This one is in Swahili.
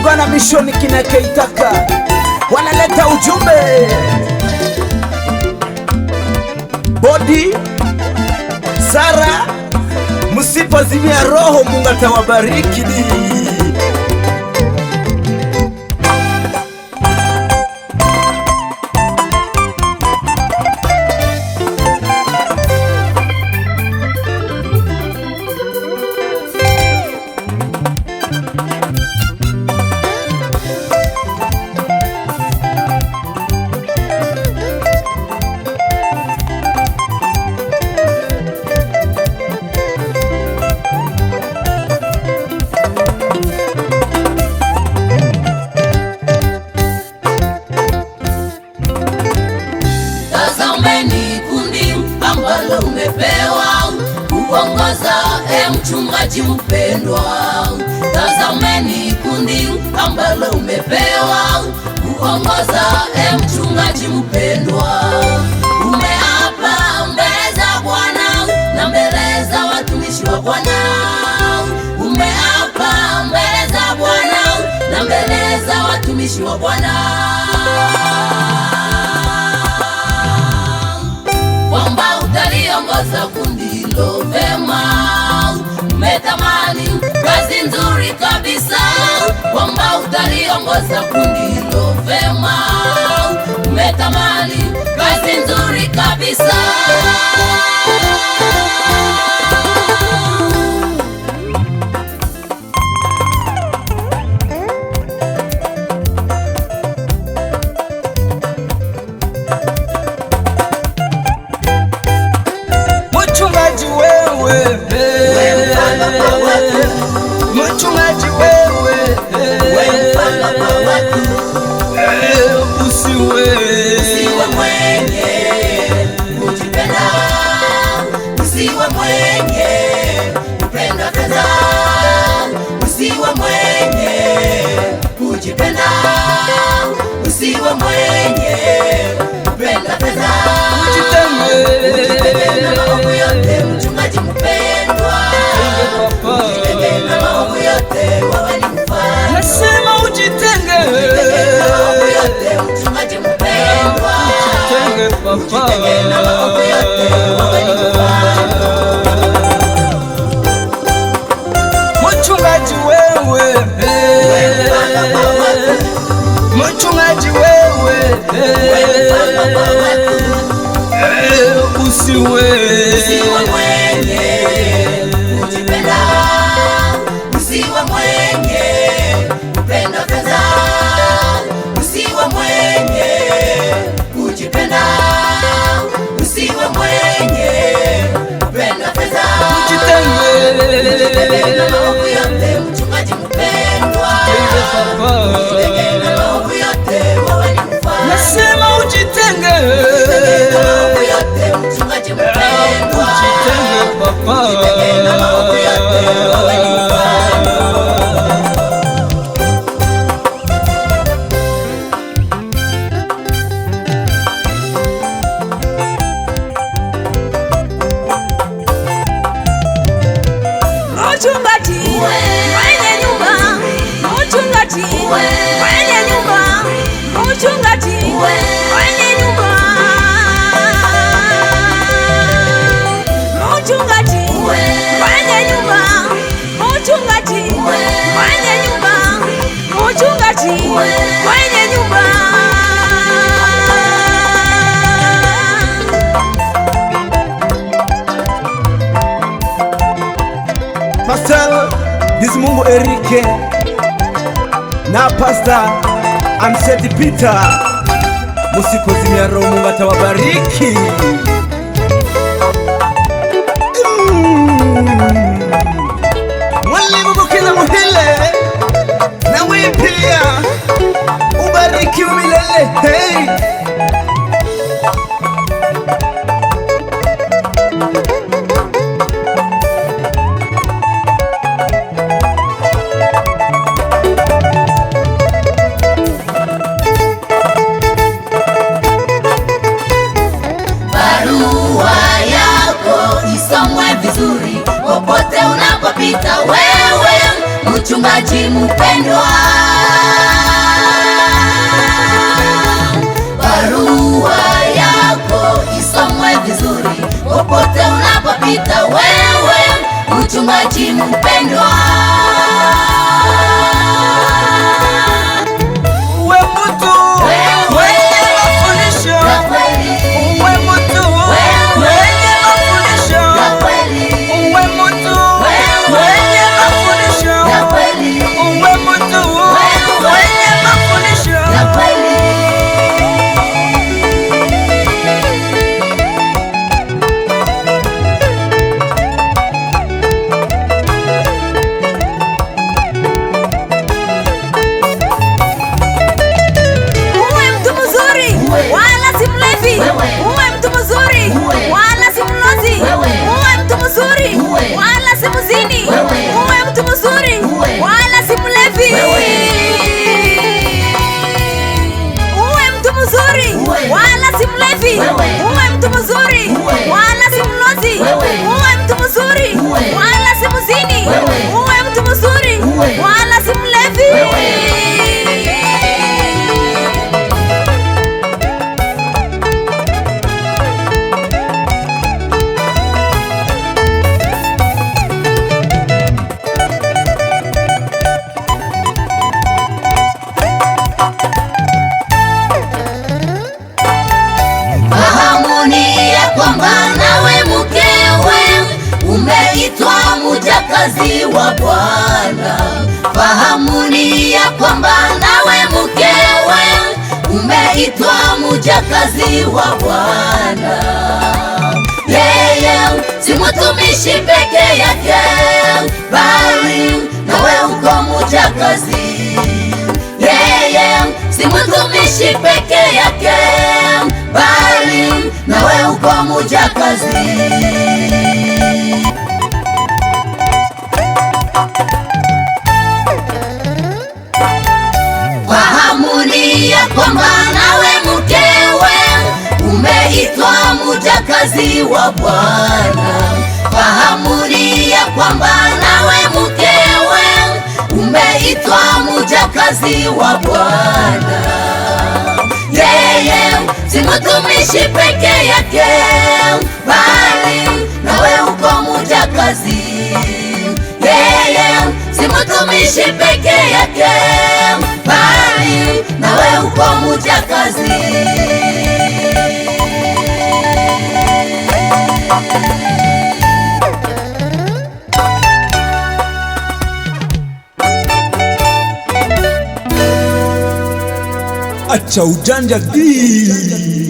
Rugana Mishoni Kinekeitaka wanaleta ujumbe bodi Sara, msipozimia roho Mungu atawabariki. pewa uongoza, e mchungaji mpendwa, tazameni kundi ambalo umepewa uongoza, e mchungaji mpendwa, umeapa mbele za na mbele watumishi wa Bwana, umeapa mbele za Bwana na mbele za watumishi wa Bwana amani, kazi nzuri kabisa, kwamba utaliongoza kundi hilo vema. Umetamani kazi nzuri kabisa. usiwe mwenye kujipenda, usiwe mwenye Yeah. Mwenyezi Mungu Erike na Pasta Amseti Peter, musipozimia roho, Mungu atawabariki. Mm. Mwalimu Bukila Muhile na wewe pia ubarikiwe milele. Hey. usomwe vizuri popote unapopita, wewe mchungaji mpendwa. Barua yako isomwe vizuri popote unapopita, wewe mchungaji mpendwa. What? wazazi wa Bwana, fahamu ni ya kwamba nawe mkewe umeitwa mjakazi wa Bwana. Yeye si mtumishi peke yake, bali nawe uko mjakazi. Yeye si mtumishi peke yake, bali nawe uko mjakazi. wazi wa Bwana. fahamu ya kwamba nawe mkewe umeitwa mjakazi wa Bwana. Yeye si mtumishi peke yake, bali nawe uko mjakazi. Yeye si mtumishi peke yake, bali nawe uko mjakazi. cha ujanja gii